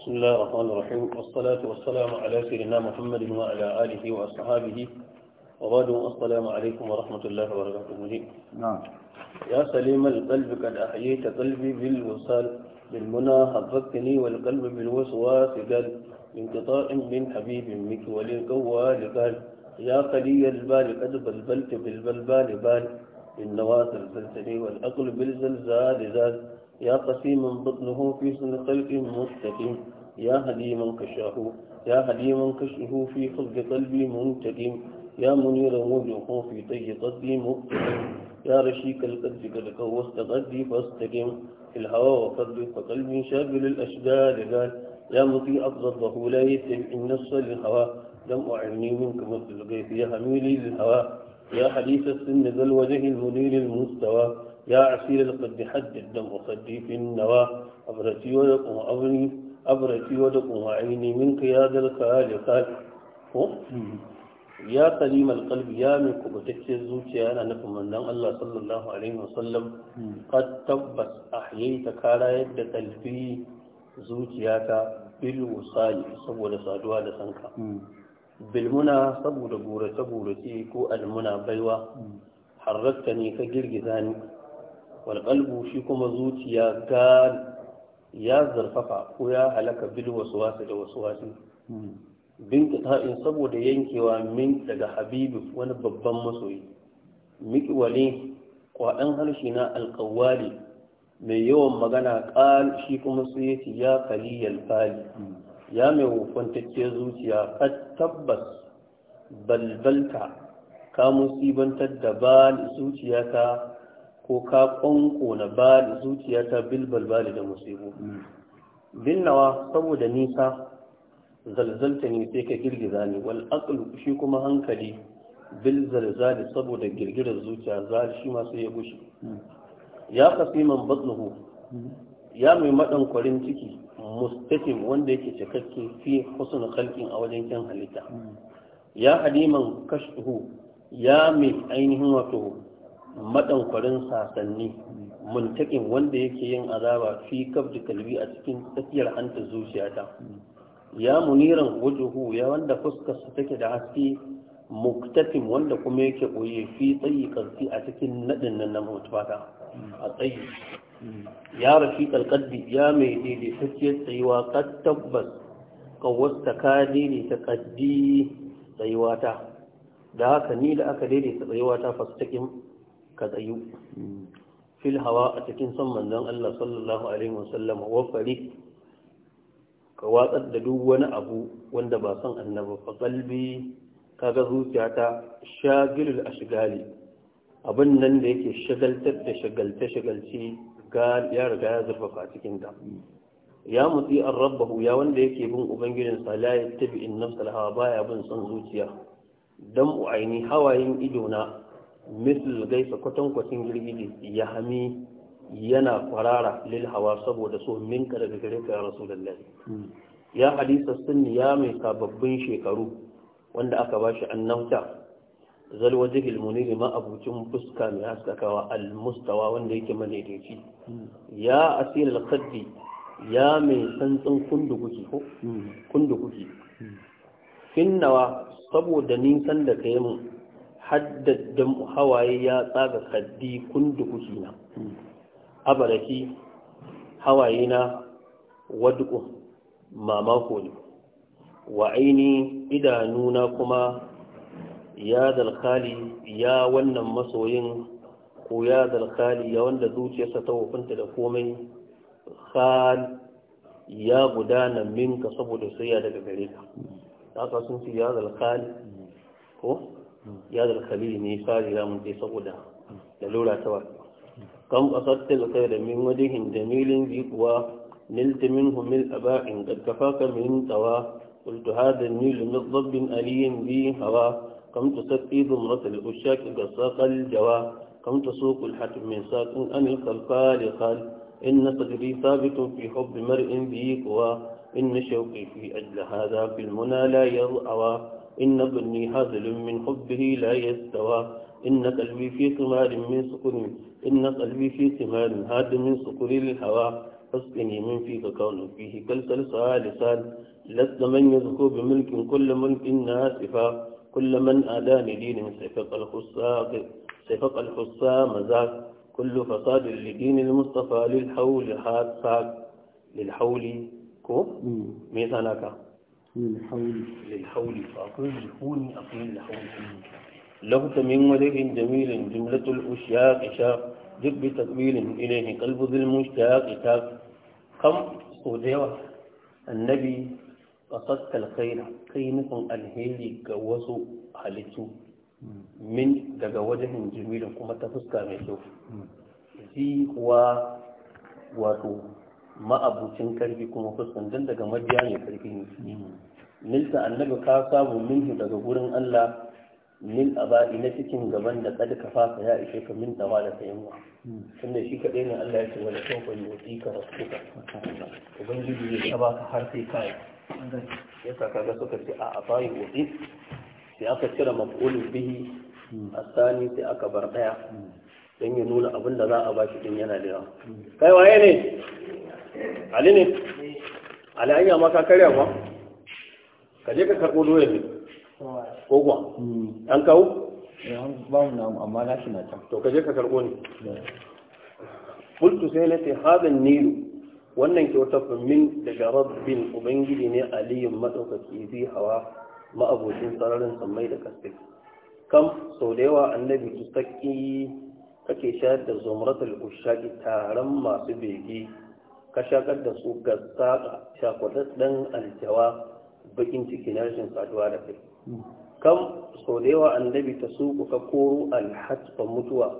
بسم الله الرحمن الرحيم والصلاة والسلام على سيدنا محمد وعلى آله وأصحابه وبعد السلام عليكم ورحمة الله وبركاته نعم يا سليم القلب قد أحييت قلبي بالوصال بالمنى حفظتني والقلب بالوسواس قال انقطاع من حبيب منك وللقوال قال يا قلي البال قد بلبلت بالبلبال بال بالنواصر زلزلي والأقل بالزلزال زال يا قسيما بطنه في سن خلق مستقيم يا هديما كشاه يا هديما كشه في خلق قلبي منتقم يا منير وجهه في طي قدي مقتدم يا رشيك القد قد وسط قدي فاستقم في الهوى وفرد فقلبي شاغل الأشجار قال يا مطيع ضده لا يتم ان النص للهوى لم أعني منك مثل الغيث يا هميلي للهوى يا حديث السن ذا الوجه المنير المستوى ya asiri da kwadda haddadan musaddifin nawa abratiwa da kuma aini min ka ya zarka da kai ko ya kalim alkalbi ya mai kubutaccen zuciya yana nufin mandan Allah sallallahu alaihi wasallam kad tabbas a hanyar yadda kalbi zuciya ta bil saboda saduwa da sanka bil muna saboda gura ta gura ko almuna baiwa harrasta ne ka girgiza ni walƙalbu shi kuma zuciya ga ya zarfafa ko ya halaka bil wasu da wasu bin ƙita'in saboda yankewa min daga habibu wani babban masoyi miƙiwale kwaɗan harshe na alƙawali mai yawan magana ƙal shi kuma su ya ce ya kaliyar ya mai wufantacce zuciya ka tabbas balbalta ka musibantar da ba zuciya ta. ko ka na ba zuciya ta bilbal ba da musibu binnawa saboda nisa zalzalta ne sai ka girgiza ni wal shi kuma hankali bil zalzali saboda girgirar zuciya za shi ma sai ya gushi ya kasiman batnuhu ya mai madan kwarin ciki mustakim wanda yake cikakke fi husnul khalqin a wajen kyan halitta ya hadiman kashhu ya mai ainihin wato Maɗankwarin sasanni muntakin wanda yake yin azaba fi kabdi kalbi a cikin tsakiyar hanta zuciyata ya muniran wujuhu ya wanda fuskarsa take da haske muktatim wanda kuma yake boye fi tsayi kalfi a cikin nadin nan na mutuwata a tsayi ya rafi kalkaddi ya mai daidaitacciyar tsayuwa kad tabbas kawasta ka daidaita kaddi tsayuwata da haka ni da aka daidaita tsayuwata fastakin ka tsayu fil hawa a cikin son manzon Allah sallallahu alaihi wasallam ka watsar da duk wani abu wanda ba son annabi fa qalbi kaga zuciyata shagilul ashgali abin nan da yake shagaltar da shagalce shagalci ga ya riga ya zurfafa cikin ta ya mutsi an rabbahu ya wanda yake bin ubangijin sa la yattabi in nafsal hawa baya bin son zuciya dan aini hawayen idona. misal gaisa kwatankwacin girgije ya hami yana kwarara lil hawa saboda so minka daga gare ka ya rasulullah hmm. ya hadisa sunni ya mai sababbin shekaru wanda aka ba shi annauta zal wajhil munir ma abucin fuska mai haskakawa al mustawa wanda yake madaidaici hmm. ya asil al khaddi ya mai santsin kunduguki ko hmm. kunduguki finnawa saboda nisan da kai mun haddaddan hawaye ya tsaga kaddi kundu hukina abaraki hawaye na wadu mamako ne wa aini idanuna kuma ya zalkali ya wannan masoyin ko ya zalkali ya wanda zuciyarsa ta wafinta da komai khal ya gudana minka saboda soyayya daga gare ka haka sun ce ya zalkali ko ya da khalil ne fari da لولا sai كم da lura من wani جميل qasadta al نلت منه ملء باع قد كفاك من توا قلت هذا النيل من ضب ألي بي هوى كم تسقي ضمرة الأشاك قصاق الجوى كم تسوق الحتم من ساق أن الخلقال قال إن صدري ثابت في حب مرء ذي قوى إن شوقي في أجل هذا في المنى لا يضعوى إن بني هزل من حبه لا يستوى إن قلبي في ثمار من سكر إن قلبي في ثمار هاد من سكر الهوى فاسقني من فيك كون فيه سؤال لسان لست من يزكو بملك كل ملك ناسفا كل من آداني دين سفق الخصاق سفق الحصام ذاك كل فساد لدين المصطفى للحول حاد ساك للحول كو ميسانك للحول للحول فأقول لكوني أقول لحول لغت من وليه جميل جملة الأشياء شاق جد بتقبيل إليه قلب ذي المشتاق شاق كم صديوة النبي قصدت الخير كينف الهيلي كوسو حالتو من daga جميل jimilin kuma ta fuska mai kyau ma'abucin karfi kuma fuskan dan daga mabiya ne karfi ne nilta annabi ka samu minhu daga gurin Allah min aba'i na cikin gaban da kada ka fasa ya ishe ka min dawa da sayinwa tunda shi kaɗai ne Allah ya ce wala kan fa yuti ka rasuka ubangiji ya ba ka har sai kai yasa ga suka ce a aba'i wuti sai aka cire maf'ulun bihi asani sai aka bar daya dan ya nuna abin da za a bashi din yana da yawa kai waye ne ali ne ali an yama ka karya ba ka je ka karɓo doya ne ko kuwa hmm. an kawo eh, ba mu namu amma na shi na can to ka je ka karɓo ne kultu sai na ce haɗin nilu wannan kyauta min daga rabbin ubangiji ne aliyun maɗaukaki zai hawa ma'abocin sararin sammai da kasai kam sau da yawa annabi su saki kake shayar da zumratul ushaki taron masu bege ka shakar da su ga saƙa ɗan aljawa bakin ciki na rashin saduwa da kai kam sau da yawa annabi ta su ka koro alhatsa mutuwa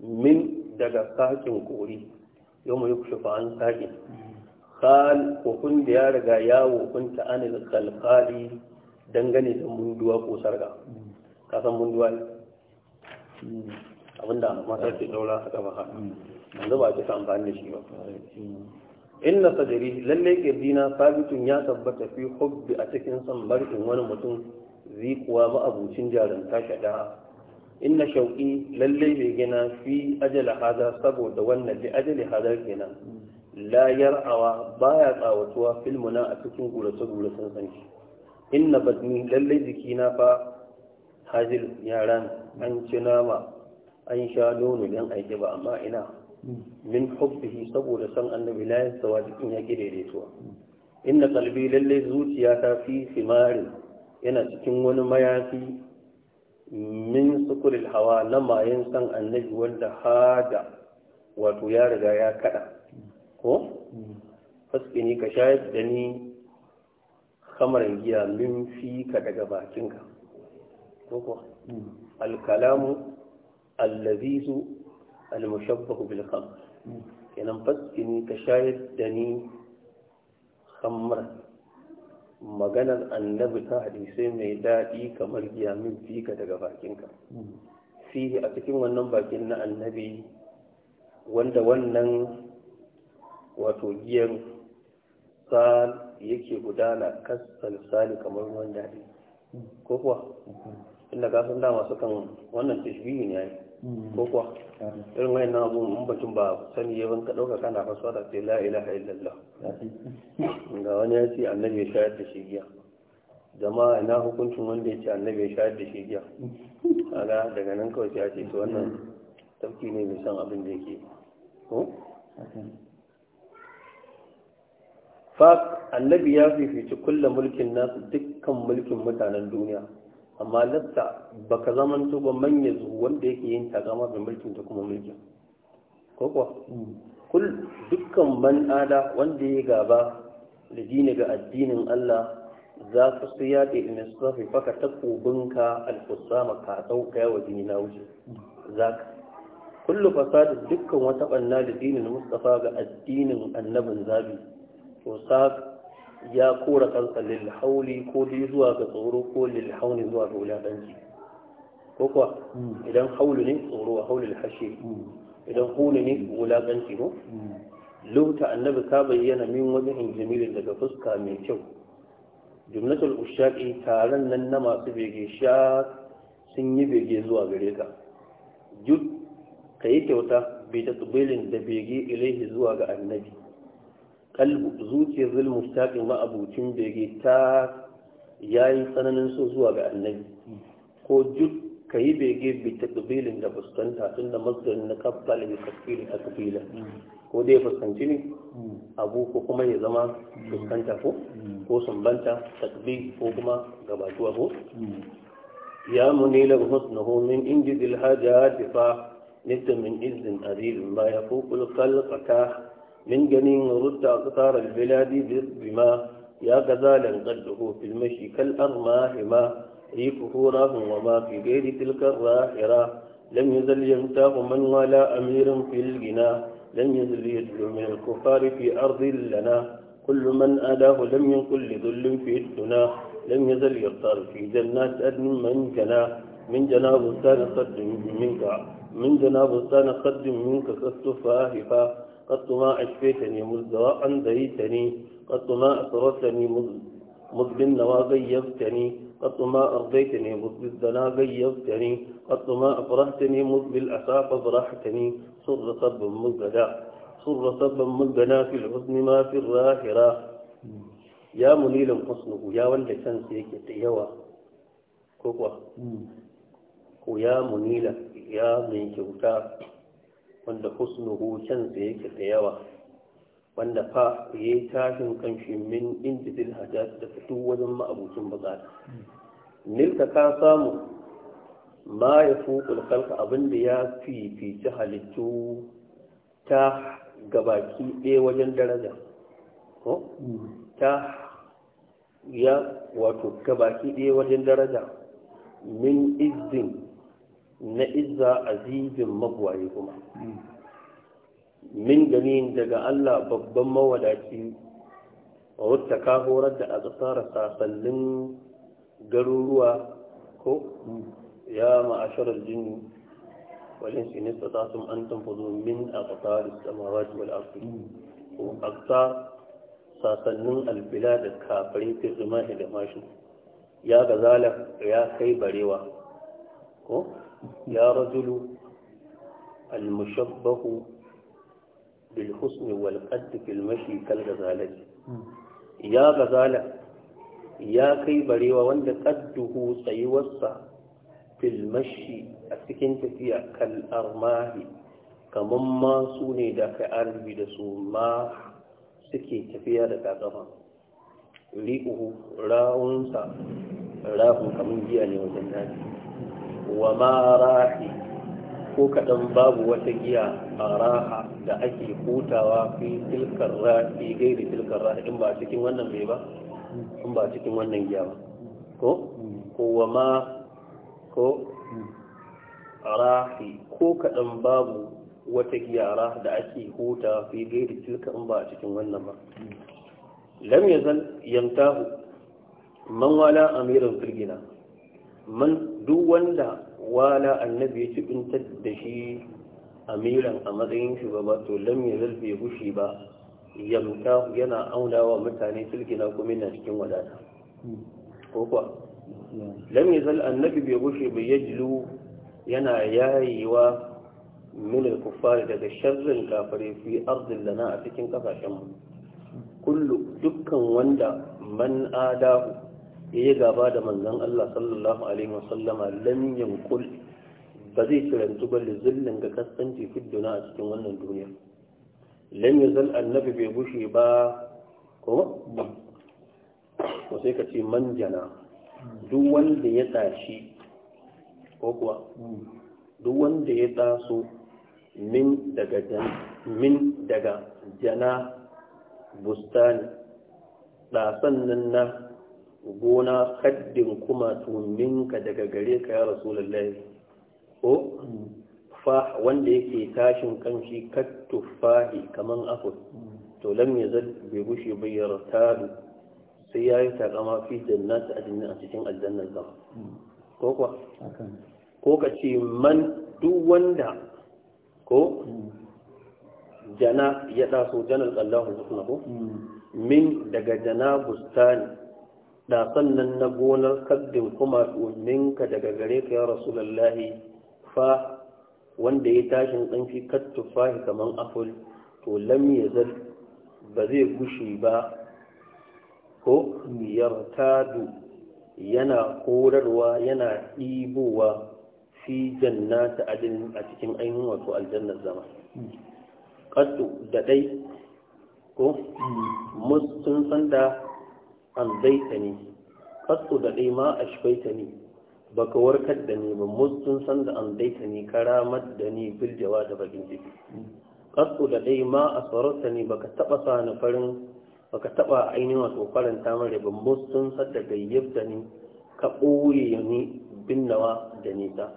min daga sakin kori yau mai kushe an sake kan kofin da ya riga ya hukunta anil kalkali dangane da munduwa ko sarka kasan munduwa hmm. abinda masarci ke daura haka ba haka hmm. yanzu ba ta amfani da shi ba inna sadari lalle dina sabitun ya tabbata fi hubbi a cikin san barkin wani mutum zikuwa jarin jarumta shada inna shauƙi lalle bai gina fi ajala hada saboda wannan da ajali hadar kenan la yar'awa baya tsawatuwa filmuna a cikin gurace guracen sanki inna badni lalle jikina fa hajil yaran an ci nama an sha nono dan aiki ba amma ina min hubbihi saboda san annabi la yastawa jikin ya ki daidaituwa inna qalbi lalle zuciya ta fi simari yana cikin wani mayafi min sukuril hawa na mayin san annabi wanda hada wato ya riga ya kada ko faske ni ka shayar da ni kamarin giya min fi ka daga bakinka ko ko hmm. alkalamu su. al-mushabbahu bil khamr kenan fasini ka shayar da ni khamran maganar annabi ta hadisai mai daɗi kamar giya min fika daga bakinka fihi a cikin wannan bakin na annabi wanda wannan wato giyan sal yake gudana kasal sali kamar ruwan daɗi ko kuwa inda kasan dama sukan wannan tashbihi ya yi ko kuwa irin wayan na abu in bakin ba sani ya wanka ɗauka kana fasuwa da sai la ilaha illallah ga wani ya ce annabi ya shayar da shi giya jama'a ina hukuncin wanda ya ce annabi ya shayar da shi giya kaga daga nan kawai ya ce to wannan tafki ne mai san abin da yake ko fa annabi ya fifici kulla mulkin nasu dukkan mulkin mutanen duniya amma baka zaman ba manya zuwa wanda yake yin takama da mulkin ta kuma mulkin kul dukkan man ada wanda ya gaba da dini ga addinin Allah za su su yaɗe in sufi faka takobinka alfusama ka tsauka yawa jini na wuce za ka kullu fasadi dukkan wata ɓanna da dinin mustafa ga addinin annabin zabi to sa ya kora kansa lil hauli ko dai zuwa ga tsoro ko lil hauli zuwa ga wuladanci ko kuwa idan haulu ne tsoro a haulul hashe idan hulu ne wuladanci ko lokuta annabi ta bayyana min wajen injimiri daga fuska mai kyau jumlatul ushaki taron nan na masu bege sha sun yi bege zuwa gare ka jud ka yi kyauta bai ta da bege ilaihi zuwa ga annabi kalbu zuciyar zul mustaqi ma bege ta yayi tsananin so zuwa ga annabi ko duk yi bege bi taqbilin da fuskanta tunda masdarin na kabbal bi a taqbila ko dai fuskanci ne abu ko kuma ya zama fuskanta ko ko sumbanta taqbil ko kuma gabatuwa ko ya munila husnuhu min injidil hajati fa nidda min izzin azizin ma yafuqul khalqaka من جنين رد أقطار البلاد بما يا غزالا قده في المشي كالأرماهما ريفه راه وما في غير تلك الراحرة لم يزل يمتاغ من ولا أمير في الجنا لم يزل يدل من الكفار في أرض لنا كل من أداه لم ينقل لذل في الدنا لم يزل يختار في جنات أدن من جنا من جنا بستان قد منك من جنا بستان قد منك كالسفاهفة قد ما أشفيتني مذ أنديتني قد ما أسرتني مذ بالنوى غيبتني قد ما أرضيتني مذ بالدنا غيبتني قد ما أفرحتني مذ بالأسى فافرحتني سر صب مزدا سر صب مزدنا في الحزن ما في الراحرة يا منيل حسنه يا وند سنسيك تيوا كوكوا ويا منيل يا من كوكا wanda husnuhu can sa yake da yawa wanda fa yayi tashin kanshi min indidil hajat da fito wajen ma'abucin bukata nilka ka samu ma ya fuƙul kalka abinda ya fifici halittu ta gabaki ɗaya wajen daraja ko ta ya wato gabaki ɗaya wajen daraja min izin na izza azizin magwaye kuma min gani daga Allah babban mawadaci wata ka horar da a tsara garuruwa ko ya ma'asharar jini wajen sinista ta sun an tamfazo min a tsakarar samawati wal arfi ko aksa sasannin albila da kafare ta zama da mashi ya gazala ya kai barewa ko يا رجل المشبه بالحسن والقد في المشي كالغزالة يا غزالة يا كي بريوة وند قده سيوصى في المشي أتكين تفيع كالأرماه كمما سوني داك أربي دسو ما سكي تفيع داك أغفا ريقه راونسا سا راهو كمن جياني وجناتي wa ma rahi ko kaɗan babu wata giya a raha da ake hutawa fi tilkar rahi gairi tilkar rahi in ba cikin wannan mai ba in ba cikin wannan giya ba ko ko wa ma ko rahi ko kaɗan babu wata giya a raha da ake hutawa fi gairi tilkar in ba cikin wannan ba lam yazal yamtahu man wala amirin firgina man duk wanda wala annabi ya ci bintar da shi amiran a matsayin shugaba to lam ya zalfi ya gushi ba yamta yana aunawa mutane silkina kuma yana cikin wadata ko kuwa lam ya zal annabi bai gushi bai yajlu yana yayewa min al-kuffar daga sharrin kafare fi ardin lana a cikin kasashen mu kullu dukkan wanda man adahu yayi gaba da manzon Allah sallallahu alaihi wasallama lam yanqul ba zai kirantu ba zullun ga kasance fidduna a cikin wannan duniya lam yazal annabi bai bushe ba ko ko sai ka ce manjana duk wanda ya tashi ko kuwa duk wanda ya taso min daga min daga jana bustani da sannan na gona kaddin kuma tuminka daga gare ka ya rasulullahi ko fa wanda yake tashin kanshi kattufahi kaman afur to lam yazal bi bushe bai yartadu sai ya yi takama fi jannati adinin a cikin aljannar zama ko kuwa ko ka ce man duk wanda ko jana ya ɗaso janar allahu zukuna ko mm. min daga jana bustani da sannan na gonar kaddin kuma ka daga gare ka ya lallahi fa wanda ya tashin tsanfi kattu fahi kamar aful to lam ya zal ba zai gushi ba ko yana korarwa yana ɗibowa fi ta adin a cikin ainihin wato aljannar zama kattu da ɗai ko hmm. sun sanda An ne katsu da ɗai ma a ne ba ka warkar da ni ba mutum san da ne karamar da ni biljawa da bakin jiki katsu da ɗai ma a sarauta ni ba ka taɓa sa na farin ba ka taɓa ainihin wato faranta mare ba mutum san da gayyab da ni ka ɓoye ne binnawa da nisa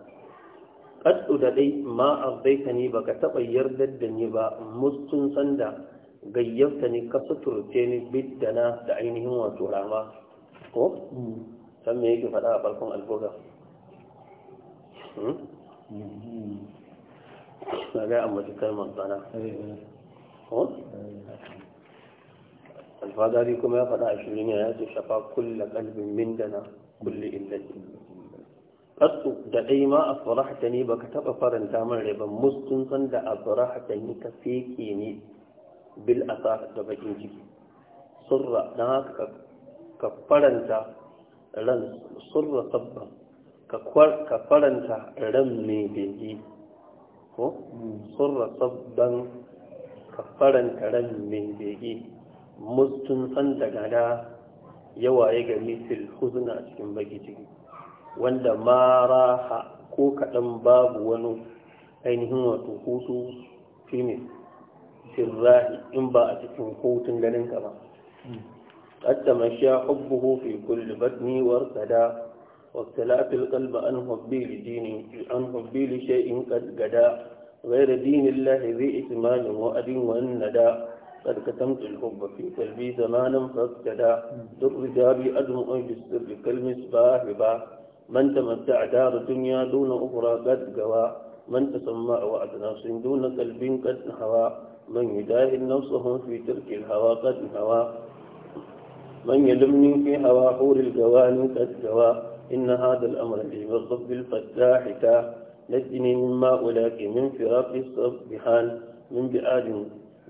katsu da ɗai ma a ne ba ka taɓa yardar da ni ba mutum san da gayyarta ne ka suturce ni biddana da ainihin wato rama ko hmm. san me yake faɗa a farkon albuga hmm? Hmm. na ga a ta kalmar tsana eh, eh. alfadari kuma ya faɗa a shirin ya ce shafa kulla kalbin min kulli illati kasu da ɗai ma a ta ne baka taɓa faranta min rai ba muskun san da a ta ne ka feke ne bil asa da bakin ciki surra don haka ka faranta ran surra sabban ka faranta ran mai bege ko hmm. surra sabban ka faranta ran mai bege mustun san daga da yawa ya gami fil huzna cikin baki ciki wanda maraha ko kaɗan babu wani ainihin wato hutu fi sirrahi in ba a cikin hutun ganin ka ba qaddama sha hubbuhu fi kulli batni warqada واختلاف القلب عن حبي لدين عن حبي لشيء قد غدا غير دين الله ذي إتمام وأد والندى قد كتمت الحب في قلبي زمانا فاقتدى در رجابي أدمع بالسر كالمصباح با من تمتع دار الدنيا دون أخرى قد قوى من تسمع وأدنى دون قلب قد هوى من يجاهد نفسهم في ترك الهوى قد هوى من يلمني في هوى حور الجوان قد جوى إن هذا الأمر لي من رب الفتاح تا نجني مما أولاك من فراق الصبحان من بآد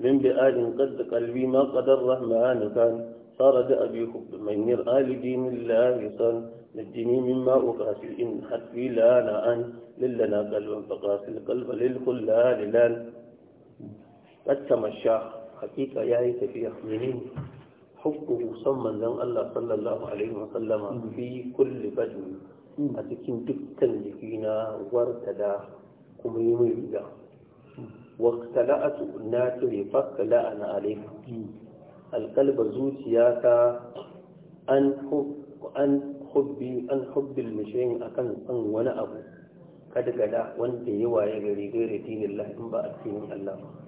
من بآد قد قلبي ما قد الرحمن كان صار أبي حب من يرآ لدين الله صن نجني مما أقاسي إن حتفي لا نعان للنا قلب فقاسي قلب للخلال لان sha hakika ya yi tafiya mini hukku musamman don Allah sallallahu Alaihi wasallama bi kulli badu a cikin dukkan jiki na wartada kuma yi mai riga la'atu na ture fakka la'ana alaihi alkalba zuciya ta an hubbi an hubbil mishayin a kan wani abu kada da wanda yawa ya gari gare dinin in ba a cikin Allah ba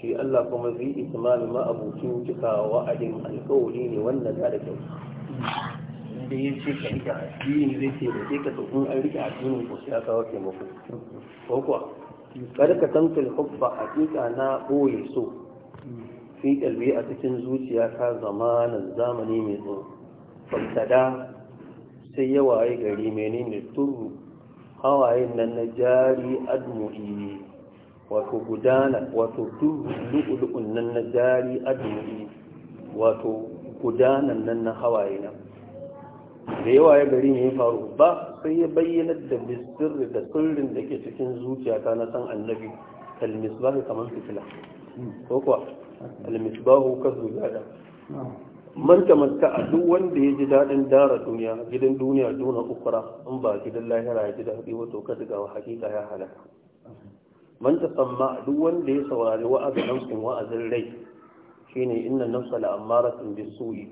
shi Allah kuma zai ismami ma abucin cika wa'adin alƙawari ne wannan da kyau da ya ce ka rika addini zai ce da ka tukun an rika addini ko sai aka wake muku ko kuwa kada ka tantar hubba hakika na ɓoye so fi kalbi a cikin zuciya ta zamanin zamani mai tsoro fassada sai ya waye gari menene turu hawayen nan na jari admu'i wato gudana wato lu'ulu'un nan na jari adini wato gudanan nan na hawaye nan da yawa ya gari ne ya faru ba sai ya bayyana da bisirri da sirrin da ke cikin zuciyata na san annabi kalmis kalmisbahu kamar fitila ko kuwa kalmis ka zuciya da man tamatta a duk wanda ya ji daɗin dara duniya gidan duniya duna ukura in ba gidan lahira ya ji daɗi wato ka daga hakika ya halaka man tasamma duk wanda ya saurari wa'azin nafsin wa'azin rai shine inna nafsa la'amaratun bisu'i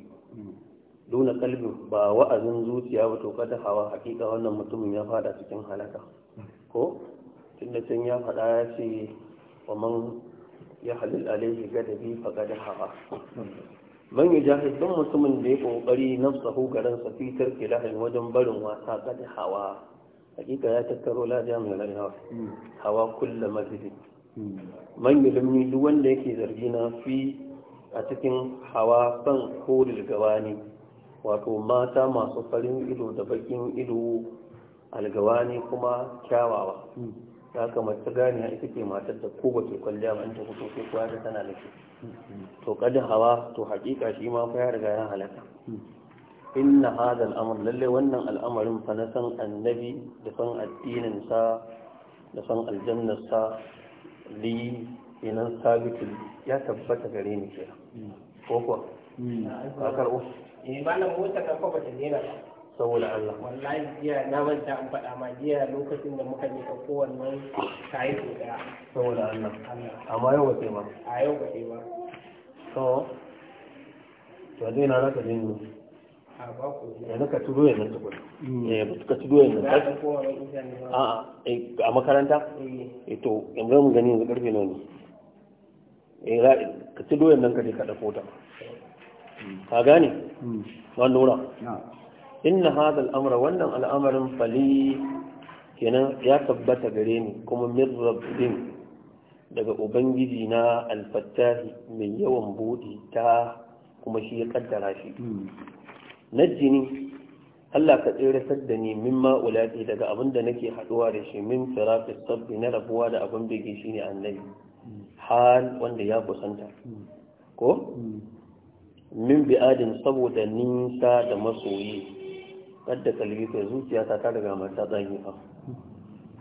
duna kalbin ba wa'azin zuciya ba to kada hawa hakika wannan mutumin ya fada cikin halaka ko tunda can ya fada ya ce wa man ya halil alaihi gadabi fa gada hawa man ya jahil don mutumin da ya kokari nafsahu garin sa fitar kilahin wajen barin wasa gada hawa hakika ya tattaro lafiya mai na hawa hmm. hawa kulla masjidin hmm. man yulmi duk wanda yake zargi na fi a cikin hawa ban horil ne wato mata masu farin ido da bakin ido algawani kuma kyawawa hmm. kama ta gani ita ke matar da ko bake kwalliya ba ta fito ko kuwa tana da to kada hawa to hakika shi ma fa ya riga ya halaka inna hada al'amur lalle wannan al'amarin fa na san annabi da san addininsa da san aljannarsa li inan sabitin ya tabbata gare ni kira ko kuwa hmm. a karɓo eh, malam mota kan fa bata nera saboda Allah wallahi jiya na manta an faɗa ma jiya lokacin da muka je ɗauko wannan kayi ko ɗaya saboda Allah amma yau ba sai ba a yau ba sai ba to to dai na raka dai yanzu ka turo yanzu tukun yanzu eh, ka turo yanzu ta a makaranta eh. Eh, to yanzu mu gani yanzu karfe nawa ne ka turo yanzu ka je ka ɗauko ta ka gane wani hmm. nura inna hada al'amura wannan al'amarin fali kenan ya tabbata gare ni kuma min rabbin daga ubangiji na alfattahi mai yawan buɗi ta kuma shi ya kaddara shi hmm. najjini Allah ka tsere da ni min ma'ulati daga abin da nake haɗuwa da shi min firafis sabbi na rabuwa da abin bege shi ne annabi hal wanda ya kusanta ko min bi'adin saboda nisa da masoyi kadda kalbi kai zuciya ta ta daga mata tsagi fa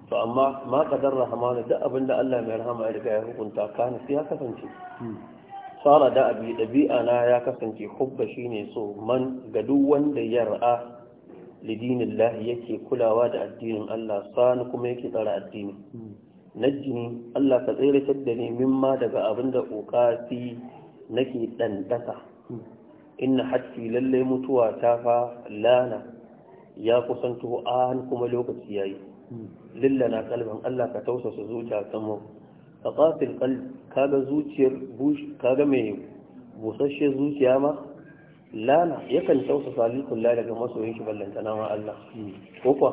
to amma ma kadar rahmanu duk abin da Allah mai rahama ya riga ya hukunta kana sai ya kasance fara da abi ɗabi'a na ya kasance hubba shine so man ga duk wanda ya ra'a lidinin lahi yake kulawa da addinin Allah sani kuma yake tsara addini jini Allah ka tseratar da ni ma daga abin da ƙoƙafi nake ɗandasa inna hatfi lallai mutuwa ta fa lana ya kusanto an kuma lokaci yayi lillana kalban Allah ka tausasa zuciya mu فقاتل قلب كاغا زوتشير بوش كاغا مي بوشاشي زوتشي اما لا لا يكن توسع صالح الله لك ما سوين شبه الله انتنا الله اوكوا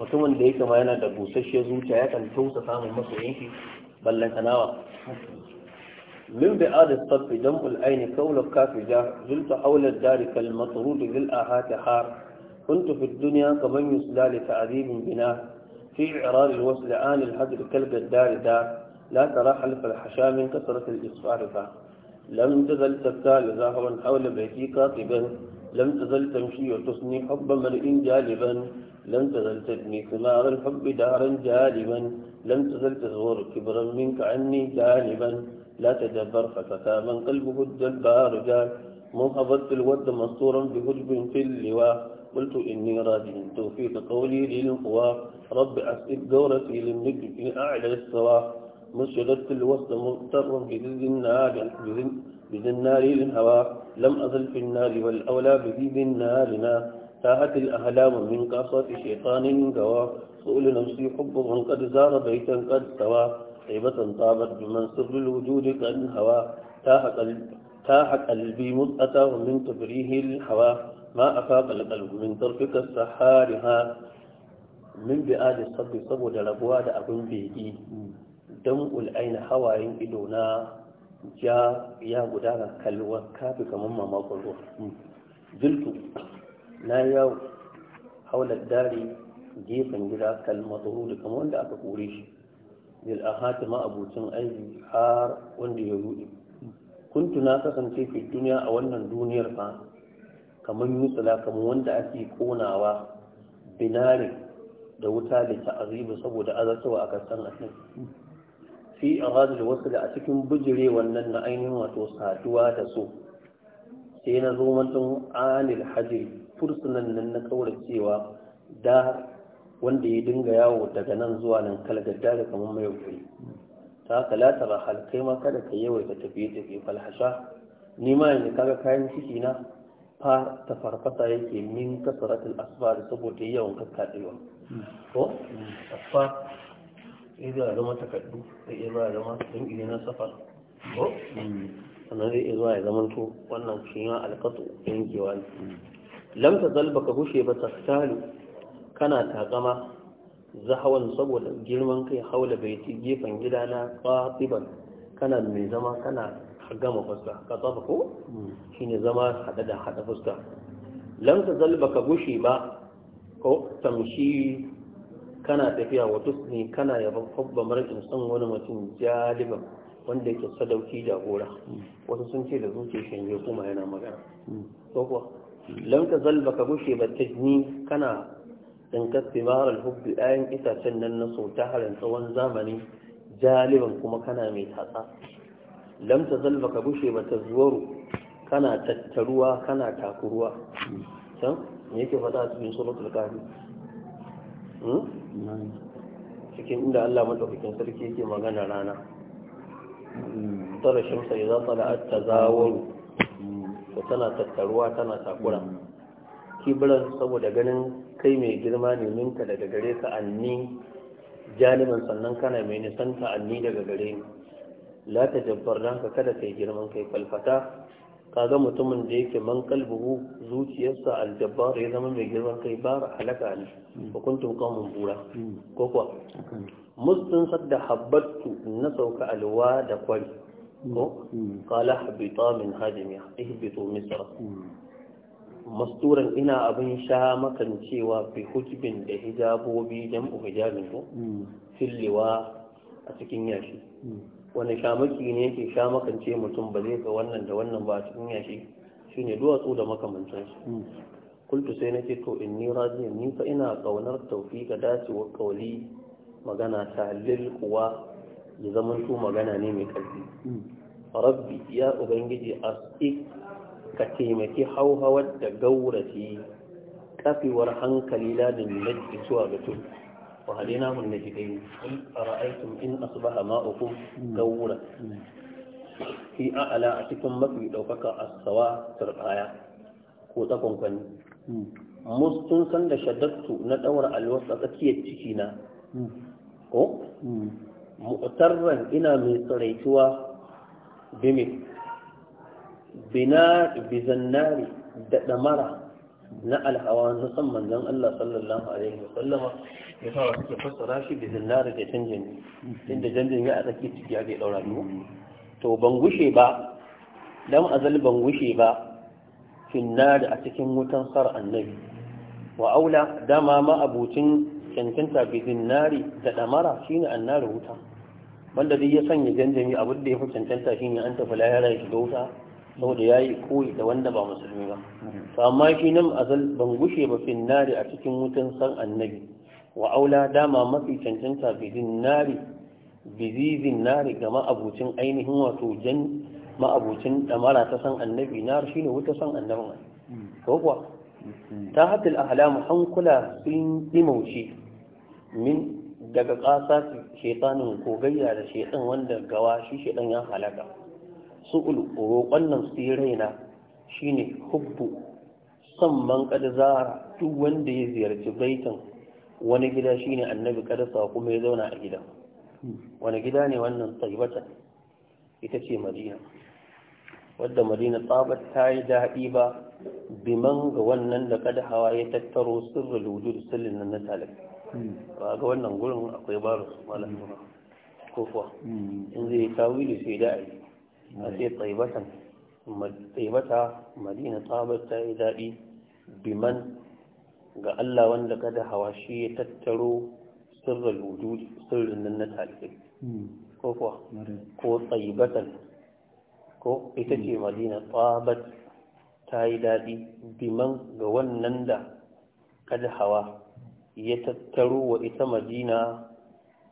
وطمان ده كما ينا ده بوشاشي زوتشي يكن توسع صالح ما سوين شبه الله انتنا من بعد الصف دم العين كول كاف جاء زلت حول الدار كالمطرود ذي الاهات حار كنت في الدنيا كمن يسدى لتعذيب بنا في عرار الوصل عن الهدر كالقدار دار, دار لا ترى حلف الحشا من كثرة الإصفار لم تزل تبتال زهوا حول بيتي كاطبا لم تزل تمشي وتصني حب مرئ جالبا لم تزل تبني ثمار الحب دارا جالبا لم تزل تزور كبرا منك عني جالبا لا تدبر ففتى من قلبه الدبار جال منهبت الود مسطورا بهجب في اللواء قلت إني راجع توفيق قولي للقوى رب أسئل دورتي للنجم أعلى السواه مسجدت كل وسط مضطر بذي النار بذي النار الهوى لم أزل في النار والأولى بذي النار تاهت الأهلام من قصة شيطان قوى سؤل نفسي حب من قد زار بيتا قد سوى طيبة طابت بمن سر الوجود قد هوى تاح قلبي مضأة ومن تبريه الهوى ما أفاق القلب من طرفك السحارها من بآل الصب صب لبواد أبن به don ul'aina hawayen ido na ja ya gudana kalwar kafi kamar mamakon ruwa jiltu hmm. na yau haular dare gefen gida kalmatu da kamar wanda aka kore shi bil ahati ma abucin aiki har wanda ya rudi kuntu kasance fi duniya a wannan duniyar fa kamar yusula kamar wanda ake konawa binari da wuta da ta'azibu saboda azartawa a kasan annabi hmm. fi aghadul wasu da a cikin bujire wannan na ainihin wato saduwa da so sai na zo mantun anil hajji fursunan nan na kawar cewa da wanda ya dinga yawo daga nan zuwa nan kalgadda da kamar mai kuri ta haka latara halkai ma kada ka yawaita tafiye tafiye falhasha ni ma yanzu kaga kayan ciki na fa ta farfasa yake min kasaratul asfar saboda yawan kakkaɗewa ko hmm. sai zai zama takardu zai iya zama zama don gini na safar ko sannan zai iya zuwa ya zama to wannan shi ya alkatu yankewa ne lamta zalba ka gushe ba taftalu kana takama zahawan saboda girman kai haula bai ci gefen gida na ƙasiban kana mai zama kana gama fuska ka tsafa ko shi ne zama hada da hada fuska lamta zalba ka gushe ba ko tamshi kana tafiya wa ne kana yaban hubba mar'in san wani mutum jaliban wanda yake sadauki jagora wasu sun ce da zuciya shanye kuma yana magana So kuwa lam zalba ka gushe ba ta ni kana dinkar simarar hubbi ayan itacen nan na so ta halin tsawon zamani jaliban kuma kana mai tatsa lanka zalba ka gushe ba ta zuwaru kana tattaruwa kana takuruwa can me yake faɗa cikin suratul kafi hmm? cikin inda Allah madaukakin sarki yake magana rana tara ta idza ta tazawur to tana tattaruwa tana takura kibran saboda ganin kai mai girma ne minka daga gare ka anni jaliman sannan kana mai nisan nisanta anni daga gare ni la tajabbar ka kada kai girman kai falfata kaga mutumin da yake man kalbuhu zuciyarsa aljabbar ya zama mai girman kai ba halaka ne hukuntun hmm. kamun bura hmm. ko kuwa mustin sadda habbattu na sauka alwa da kwari hmm. ko kala habita min hadimiya ihbitu misra masturan ina abin sha makan cewa fi hujbin da hijabobi jam'u hijabin ko filliwa a cikin yashi wani shamaki ne yake shamakance mutum ba zai ga wannan da wannan ba a cikin yashi shine duwatsu da makamancinsu hmm. kultu sai na ce to in ni razi ni fa ina kaunar taufi ga dacewa kauli magana ta halil kuwa ya zamanto magana ne mai karfi hmm. rabbi ya ubangiji a ka taimaki hauhawar da gaurafi kafiwar hankali ladin najji zuwa ga tudu وهديناه النجدين قل أرأيتم إن أصبح ماؤكم غورا في أعلى أتكم مكوي دوكك السواء ترقايا كوتكم كن مستن سند شددت ندور الوسط تكية تكينا ko mu'tarran ina mai tsaraituwa bimi bina bizannari da damara na alhawa na san manzon Allah sallallahu alaihi wasallama ya sa suke fassara shi da zinari da canjin inda canjin ya a tsaki ciki ya ke daura biyu to ban gushe ba dan azal ban gushe ba finna da a cikin wutan sar annabi wa aula dama ma abucin cancanta bi zinari da damara shine annar wuta wanda duk ya sanya janjami abin da ya fi cancanta shine an tafi lahira shi da wuta saboda ya yi koyi da wanda ba musulmi ba to amma shi nan azal ban gushe ba finnari a cikin wutan sar annabi wa aula dama mafi cancanta bidin nari bizizin nari ga ma'abucin ainihin wato jan ma'abucin damara ta san annabi nar shine wuta san annabin ko kuwa ta hatil ahlam hankula sun dimauci min daga kasa shetanin kogayya da shetan wanda gawa shi shetan ya halaka ulu roƙon nan su raina shine hubbu son man zara duk wanda ya ziyarci baitan wani gida shi ne annabi kadarsa kuma ya zauna a gidan wani gida ne wannan taibata ita ce madina wadda madina tsabar ta yi daɗi ba biman ga wannan da kada hawa ya tattaro sirrin wujud sirrin nan na talib ba ga wannan gurin akwai baro malam ba ko kuwa in zai tawili sai da ai a sai tsaibatan tsaibata madina tsabar ta yi daɗi biman ga Allah wanda kada hawa shi ya tattaro sirrin wujudi sirrin nan na talibai hmm. ko kuwa ko tsayibatan ko ita ce hmm. madina tsabat ta yi daɗi biman ga wannan da kada hawa ya tattaro wa ita madina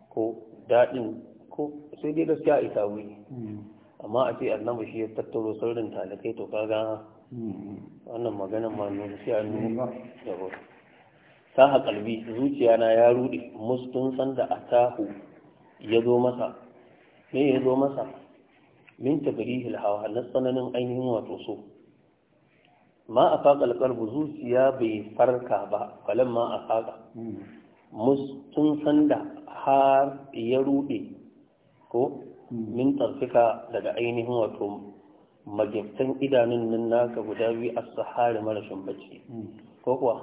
ko daɗin ko sai dai gaskiya ita wuri hmm. amma a ce annabi shi ya tattaro sirrin talakai to kaga wannan maganan ma ne sai an nuna saha kalbi zuciya na ya rude mustun san da atahu ya zo masa me ya zo masa min tabrihil hawa na tsananin ainihin wato so ma a faƙa kalbu zuciya bai farka ba kalan ma a faƙa mustun san da har ya rude ko min tarfika daga ainihin wato magiftan idanun nan naka guda biyu a sahari marashin bacci ko kuwa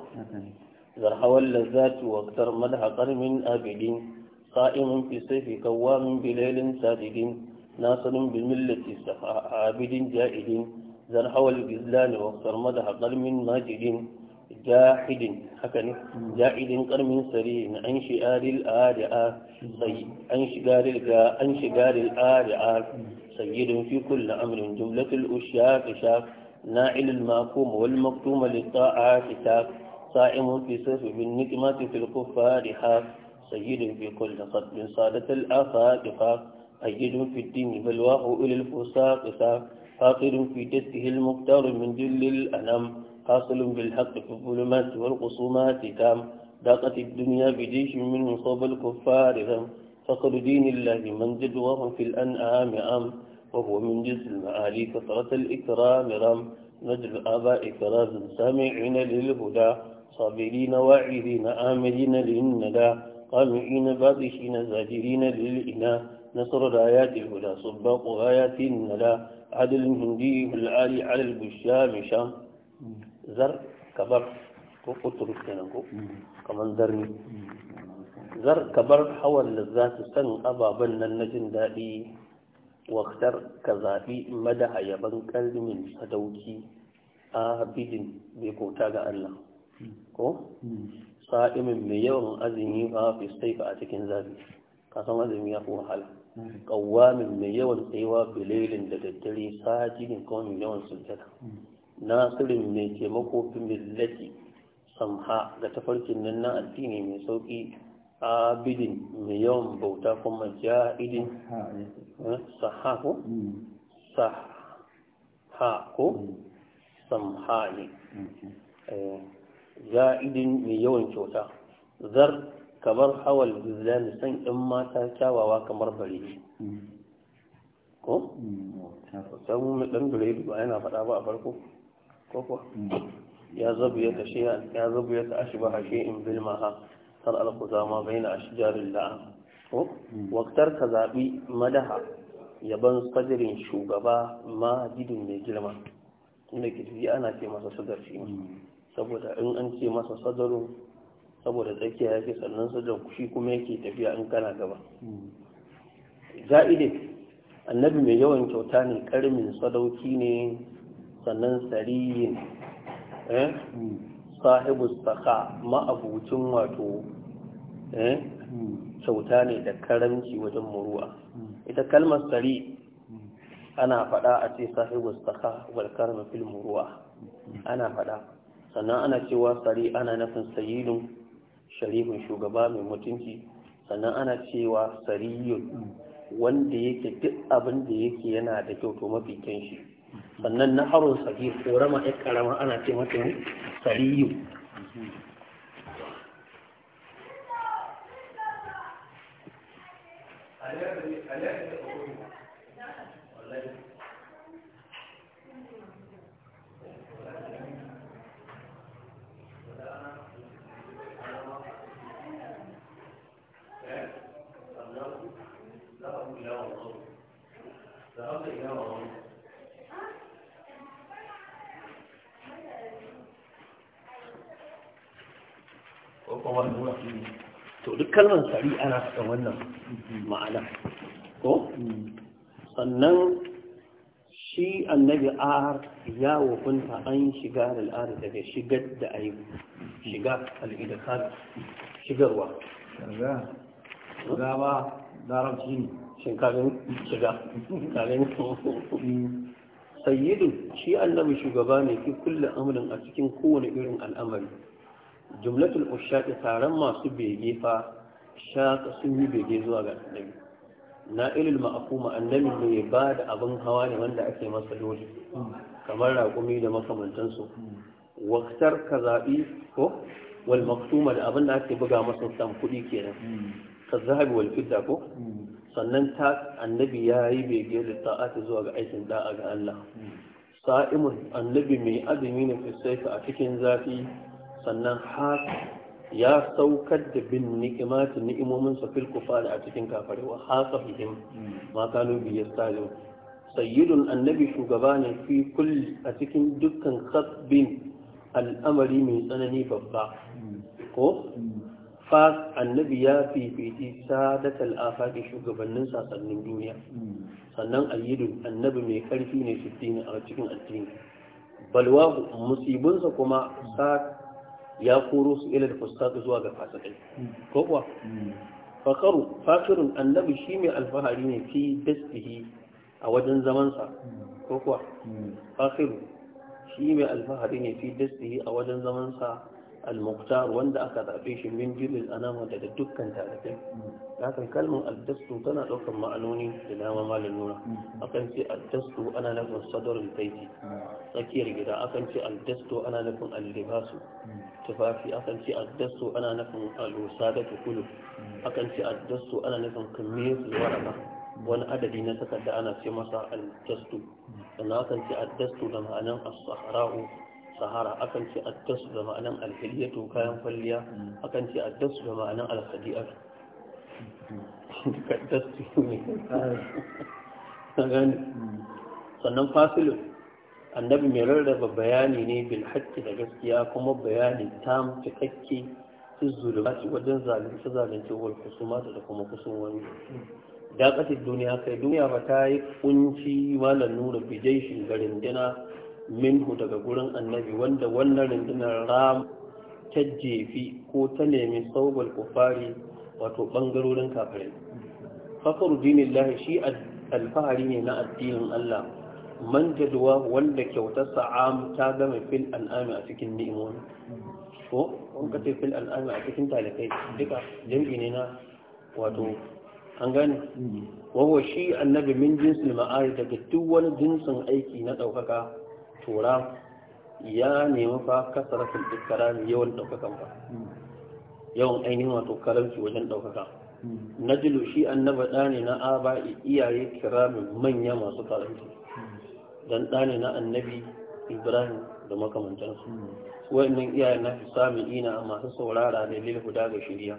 ذرحوا اللذات واكثر ملحقا من آبدين قائم في سيف قوام بليل ساجد ناصر بالملة عابد جائد ذرحوا الجزلان واكثر ملحقا من ماجد جاحد حكني جاحد قرم سري عن شعار الآرعة عن شعار عن شعار الآرعة سيد في كل أمر جملة الأشياء شاف ناعل الماكوم والمكتوم للطاعات شاف صائم في سيف بالنقمة في الكفار حاف سيد في كل قد من صادة الآفاق قاف أيد في الدين بلواه إلى الفساق ساق فاقد في جده المختار من جل الأنام حاصل بالحق في الظلمات والخصومات تام ضاقت الدنيا بجيش من صوب الكفار هم فقر دين الله من وهم في الأنعام أم وهو من جز المعالي كثرة الإكرام رم نجل الآباء كرام سامعين للهدى صابرين واعظين آمرين للندى قامعين بابشين زاجرين للإنا نصر الآيات الهدى صباق آيات الندى عدل هندي العالي على البشام شام زر كبر قلت السنة كمان زرني زر كبر حول للذات سن أبا بنا النجن دائي واختر كذابي مدى يبن قلب من صدوكي آه بيجن بيقوتاق الله ko sa'imin mai yawan azumi ba fi saika a cikin zafi kasan azumi ya fi wahala Ƙawamin mai yawan tsayuwa bilailin da daddare sajidin kawai mai yawan sujjada nasirin mai taimako fi millati samha ga tafarkin nan na addini mai sauki abidin mai yawan bauta kuma ja'idin eh, sahako sahako samha ne mm. eh. ja'idin mai yawan kyauta zar kamar hawal gizlani san ɗan mata kyawawa kamar bare ko? mai ɗan bare ba yana faɗa ba a farko ko ko ya zabu ya ta shiya ya zabu ya ta ashi ba hashe in bilma ha sar alkuzama bai na ashi jarin la'a ko? waktar ka zaɓi madaha yaban sadirin shugaba ma jidin mai girma inda ke ana ce masa sugar shi saboda in an ce masa sadarun saboda tsakiya yake sannan sadar shi kuma yake tafiya in kana gaba za'ide annabi mai yawan kyauta ne karmin sadauki ne sannan sariyin eh? sahibu saka ma'abucin wato eh? kyauta ne da karamci wajen muruwa ita kalmar sari ana faɗa a ce sahibu saka wal fil muruwa ana faɗa. sannan ana cewa sari ana nufin sayidun sharifin shugaba mai mutunci sannan ana cewa sariyun wanda yake duk abin da yake yana da kyau to mafi kyan shi sannan na harun sahi korama ya karama ana ce mata sariyun إلى ومصر ذهبت إلى ومصر to duk kalmar tsari ana da wannan ma'ana ko sannan shi annabi ar ya hukunta an shiga al'ada daga shigar da aibu shiga al'idakar shigarwa gaba larabci ne shin kagin shiga kagin sayyidu shi annabi shugaba ne fi kulle amrin a cikin kowane irin al'amari jumlatul ushaɗi taron masu bege fa shaqa sun yi bege zuwa ga annabi na'ilul ma'afuma annabi ne ba da abin hawa ne wanda ake masa dole kamar raƙumi da makamantansu waktar ka zaɓi ko wal maktuma da abin da ake buga masa sam kuɗi kenan ka zahabi wal fidda ko sannan ta annabi ya yi bege da ta'ata zuwa ga aikin da'a ga Allah sa'imun annabi mai azumi ne fisaita a cikin zafi sannan har ya saukar da bin ni'imati ni'imomin sa fil a cikin kafare wa hasafihim ma kanu bi sayyidun annabi shugaba ne fi kulli a cikin dukkan khasbin al'amari mai tsanani babba ko fas annabi ya fifici sadatal afaki shugabannin sasannin duniya sannan ayyidun annabi mai karfi ne fitina a cikin addini balwa musibinsa kuma sa ya koro su ila da fasaka zuwa ga fasakai ko kuwa fakaru fakirun annabi shi mai alfahari ne fi dastihi a wajen zamansa ko kuwa fakiru shi mai alfahari ne fi dastihi a wajen zamansa al-muqtar wanda aka zaɓe shi min jilil anama daga dukkan talakai hakan kalmar addastu tana ɗaukan ma'anoni da dama malin nuna akan ce addastu ana nufin sadarin taiti tsakiyar gida akan ce addastu ana nufin allibasu tufafi akan ce addastu ana nufin alusa da tukulu akan ce addastu ana nufin kamiyyar waraka wani adadi na takarda ana ce masa addastu sannan akan ce addastu da ma'anan as-sahra'u sahara akan ce addasu da ma'anan alhiliyatu kayan kwalliya akan ce addasu da ma'anan sannan fasilin? annabi mai rarraba bayani ne bil haƙƙi da gaskiya kuma bayani ta cikakke su zulumati wajen zalunci zalunci wal kusumata da kuma wani. da duniya kai duniya ba ta yi kunci malam nuna bijai shi garin dina minhu daga gurin annabi wanda wannan rundunar ram ta jefi ko ta nemi saugal kufari wato ɓangarorin kafirai fasaru dinin lahi shi alfahari ne na addinin Allah man jadwa wanda kyautar sa'am ta gama fil al'ami a cikin ni'imomi ko an kace fil al'ami a cikin talakai duka jam'i ne na wato an gane wawa mm-hmm. shi annabi min jinsin ma'ari daga duk wani jinsin aiki na ɗaukaka tura ya nemi fa kasaratul ikram yawan daukakan fa yawan ainihin wato karanci wajen daukaka hmm. najlu shi annaba dane na aba'i iyaye kiramin manya masu karanci hmm. dan dane na annabi ibrahim da makamantansu hmm. wa'annan iyayen na fi sami'ina masu saurara da lil huda ga shirya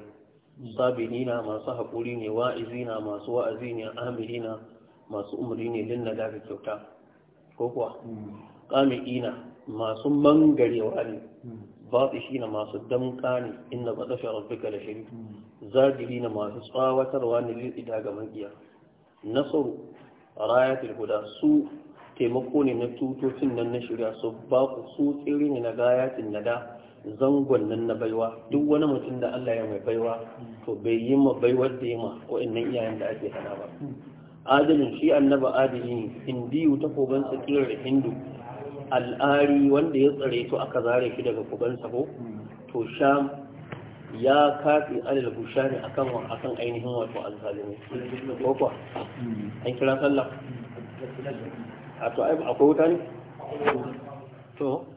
sabirina masu haƙuri ne wa'izina masu wa'azi ne amirina masu umri ne lin da kyauta ko kuwa qami'ina masu mangarewa ne hmm. na masu damka ne inna batasha da la hmm. zagiri na masu tsawatarwa ne lil ga makiya nasaru rayatul guda, su taimako ne na tutocin nan na shirya su ba ku su tsiri ne na gayatin nada zangon nan na baiwa duk wani mutum da Allah ya mai baiwa hmm. to bai yi ma baiwar da yi ma nan iyayen da ake hana ba adalin shi annaba adali ne hindiyu ta kogon tsakirar hindu al'ari wanda ya tsare su aka zare shi daga kubansa ko to sham ya kafi alal bushari akan ainihin wato alzalimi ko kuwa an kira sallah a to akwai wuta ne to